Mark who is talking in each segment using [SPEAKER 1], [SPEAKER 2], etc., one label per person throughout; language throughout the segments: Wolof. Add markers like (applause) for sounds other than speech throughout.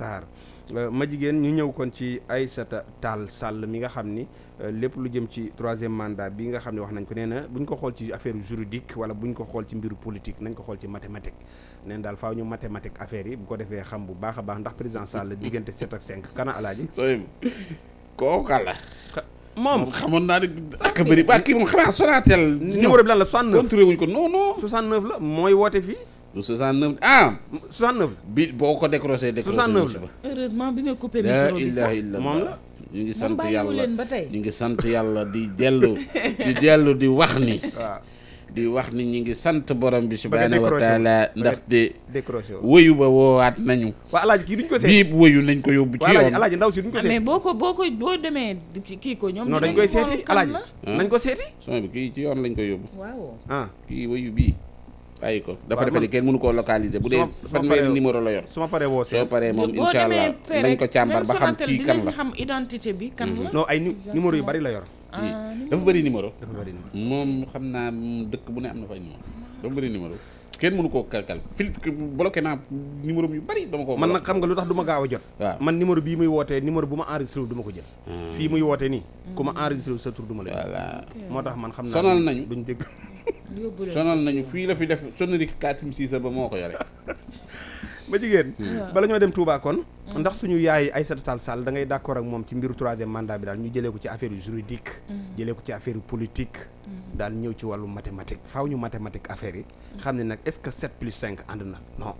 [SPEAKER 1] Sarr euh, ma jigéen ñu ñëw kon ci Aïssata Tall Sall mi nga xam ni euh, lépp lu jëm ci troisième mandat bi nga xam ne wax nañ ko nee na ko xool ci affaire juridique wala bu ñu ko xool ci mbiru politique nañ ko xool ci mathématique neen daal faaw ñu mathématique affaire yi bu ko defee xam bu baax a baax ndax président Sall diggante 7 ak 5 kana alaaji sooy la moom xamoon naa ne ak bëri ba kii moom xanaa Sonatel numéro bi la 69 contrôlé wuñ ko non non du 69 ah. 69 bi boo ko décroché décroché wu si ba.
[SPEAKER 2] heureusement bi nga coupé micro bi sax moom la. ñu ngi sant yàlla ñu
[SPEAKER 1] ngi sant yàlla di dellu di dellu di wax ni. (laughs) di wax ni ñu ngi sant borom bi si subhaanahu wa taala ndax de. décroché wëyu ba woowaat nañu. waa alaaji kii duñ ko seet bii wëyu nañ ko yóbbu. ci yoon alaaji ndaw si duñ ko ah, seet.
[SPEAKER 2] boo ko boo ko boo demee kii ko ñoom. non dañ koy seeti alaaji nañ ko seeti.
[SPEAKER 1] son ci yoon lañ ko yóbbu. Ah. kii wëyu bii. bàyyi ko dafa defe ni kenn mënu koo localiser bu dee fanweeri numéro la yor su ma paree woo soo paree moom incha allah nañ ko càmbar ba xam kii kan la xam
[SPEAKER 2] identité bi kan la mhm. non
[SPEAKER 1] ay numéro yu bari la yor dafa ah, numéro dafa bëri numéro moom xam naa dëkk bu ne am na fay numéro dafa kenn mënu koo kalkal filtre bloqué naa numéro yu bari man nag xam nga lu tax du ma gaaw a jot waaw man numéro bii muy wootee numéro bu ma enregistré du ma ko jël ah. fii muy wootee nii ku ma mm. enregistré sa tur du ma la voilà moo tax man xam naa sonal nañu duñ dégg sonal nañu fii la fi def sonal kaatim siisa ba moo ko yore. ba (laughs) jigéen. Hmm. bala ñoo dem Touba kon. ndax suñu yaay Aïssata Tall Sall da ngay d'accord ak moom ci mbiru troisième mandat bi daal ñu jëlee ko ci affaire juridique. Mm. jëlee ko ci affaire politique. Mm. daal ñëw ci wàllu mathématique faaw ñu mathématique affaire mm. xam ne nag est-ce plus 5 ànd na non.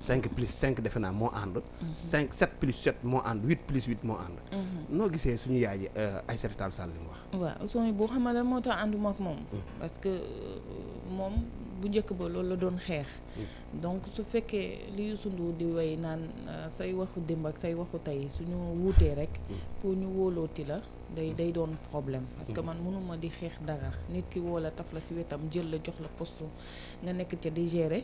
[SPEAKER 1] 5 plus 5 defe naa moo ànd. 5 mm-hmm. plus 7 moo ànd 8 plus 8 moo ànd. Mm-hmm. noo gisee suñu yaay ji euh, Aïssata Tall Sall li
[SPEAKER 2] wax. waaw sooy boo xamale moo tax ànduma moom. parce euh, moom. bu njëkk ba loolu la doon xeex mm. donc su fekkee li Youssou Ndour di way naan euh, say waxu démb ak say waxu tey ñu wuutee rek mm. pour ñu wóolooti la day day doon problème parce que mm. man mënuma di xeex dara nit ki woo la taf la ci wetam jël la jox la postu nga nekk ca di gérer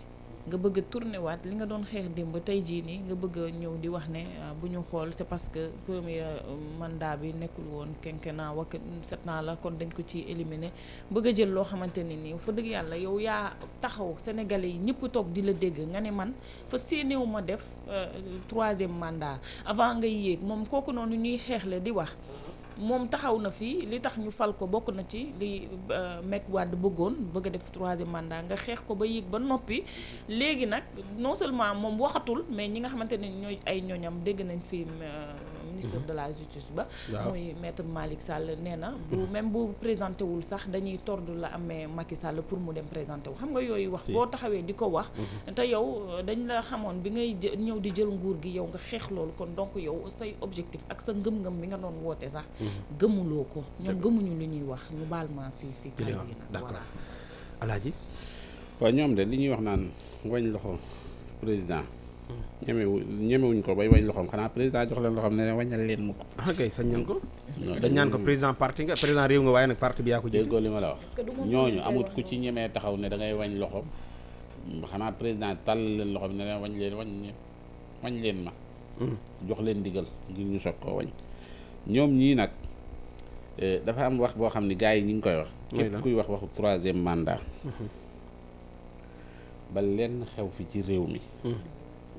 [SPEAKER 2] nga bëgg a waat li nga doon xeex démb tey jii nii nga bëgg ñëw di wax ne ah, bu ñu xool se parce que premier euh, mandat bi nekkul woon quinquennat wakk sept ans la kon dañ ko ci éliminer bëgg a jël loo xamante ne nii fa dëgg yàlla yow yaa taxaw sénégalais yi ñëpp toog di la dégg nga ne man fa séenéewu ma def euh, troisième mandat avant ngay yéeg moom kooku noonu ñuy xeexle di wax moom taxaw na fii li tax ñu fal ko bokk na ci li euh, Maître Wade bëggoon bëgg a def troisième mandat nga xeex ko ba yëg ba noppi léegi nag non seulement moom waxatul mais ñi nga xamante ne ñooy ay ñooñam dégg nañ fii ministre de la mhm. justice ba muy maître Malick Sall nee na bu mhm. même bu présenté wul sax dañuy tordre la amee Macky Sall pour mu dem présenté wu xam nga yooyu wax boo taxawee di ko wax mhm. te yow euh, dañ la xamoon bi ngay ñëw di jël nguur gi yow nga xeex loolu kon donc yow say objectif ak sa ngëm-ngëm bi nga doon woote sax gëmuloo ko ñoom gëmuñu li ñuy wax ñu baal ma si si kàddu yi nag voilà
[SPEAKER 1] alaaji ñoom de li ñuy wax naan wañ loxo président ñemewu ñemewuñ ko bay wañ loxoom xanaa président jox leen loxoom ne leen wañal leen mu ko. ah kay sañ nañ ko. dañ ñaan ko président parti nga président réew nga waaye nag parti bi yaa ko jiite. déggoo li ma la wax ñooñu amut ku ci ñemee taxaw ne da ngay wañ loxoom xanaa président tàll leen loxoom ne wañ leen wañ wañ leen ma. Hmm. jox leen digal ngir ñu soog koo wañ. ñoom ñii nag eh, dafa am wax boo xam ne gars yi ñu ngi koy wax. képp kuy wax waxu troisième mandat. Hmm. ba lenn xew fi ci réew mi. Hmm.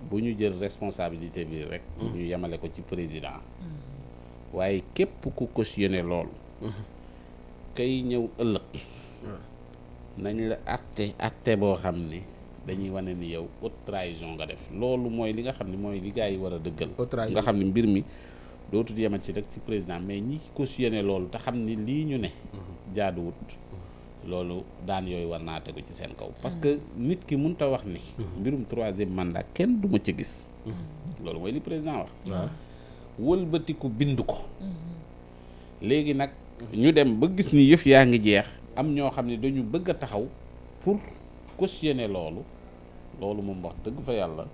[SPEAKER 1] bu ñu jël responsabilité bi rek. Mm-hmm. ñu yemale ko ci président. waaye képp ku cautionné loolu. Mm-hmm. kay ñëw ëllëg. nañu la acté acté boo xam ni dañuy wane ni yow haute trahison nga def loolu mooy li nga xam ne mooy li yi war a dëggal nga xam ne mbir mi dootul yemat ci rek ci président mais ñi cautionné loolu te xam ni lii ñu ne mm-hmm. jaaduwut loolu daan yooyu war naa tegu ci seen kaw. parce mm. que nit ki mënut a wax ni. Mm-hmm. mbirum troisième mandat kenn du ma ca gis.
[SPEAKER 2] Mm-hmm.
[SPEAKER 1] loolu mooy li président wax. walbatiku wëlbatiku bind ko.
[SPEAKER 2] Mm-hmm.
[SPEAKER 1] léegi nag ñu dem ba gis ni yëf yaa ngi jeex am ñoo xam ne dañu bëgg a taxaw pour cautionner loolu loolu moom wax dëgg fa yàlla.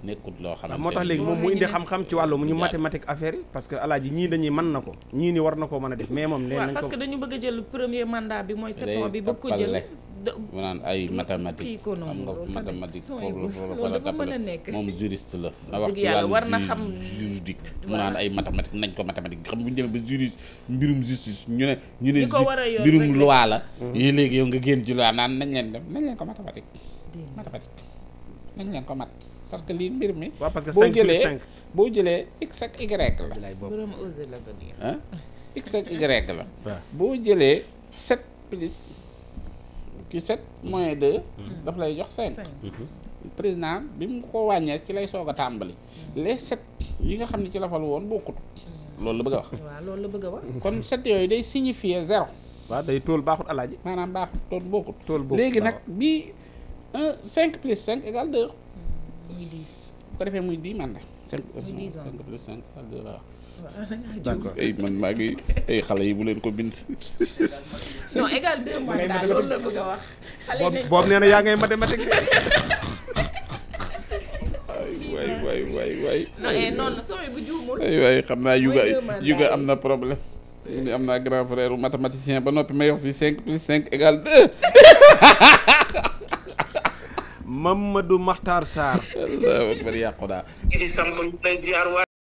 [SPEAKER 1] nekkut loo ah, xamante moo tax léegi moom mu indi xam-xam ci wàllu mu ñu mathématique affaire yi parce que alaaji ñii dañuy mën na ko ñii ni war na koo mën a def mais moom nee ko parce que dañu
[SPEAKER 2] bëgg mooy sept ans bi bëgg ko jël
[SPEAKER 1] mu naan ay mathématique xam nga (laughs) la na wax ci wàllu juridique mu naan ay mathématique nañ ko mathématique xam bu ñu demee ba juriste mbirum justice ñu ne ñu ne mbirum loi la mhm. yooyu leen def nañ ko mathématique nañ leen ko mat parce que lii mbir mi. waaw parce que 5 plus boo
[SPEAKER 2] jëlee x ak y la. borom osé l'avenir. ah
[SPEAKER 1] x ak y la. (laughs) boo jëlee 7 plus ki 7 moins 2. Hmm. daf lay jox 5. Mhm. président bi mu ko wàññee ci lay soog a tàmbali. Hmm. les 7 yi nga xam ne ci la woon bokkut. Hmm. loolu la bëgg wax. (laughs) loolu la bëgg a wax. kon 7 yooyu day signifier zéro. waaw day tool baaxut alaaji. maanaam baaxut tool bokkut. tool bokkut léegi nag bi 1 5 plus 5 égale 2. muy dix. bu ko defee muy dix mandat. muy ah, man maa xale yi bu leen ko bind. (laughs) non égal
[SPEAKER 2] yaa ngay mathématique.
[SPEAKER 1] waay waay waay waay.
[SPEAKER 2] Eh, xam naa yu nga yu am
[SPEAKER 1] na problème. mu ne am naa grand frère mathématicien ba noppi ma yox fi cinq plus cinq égal deux. (laughs) Mamadou Makhtar Sarr. allahu akbar yàqu
[SPEAKER 2] naa.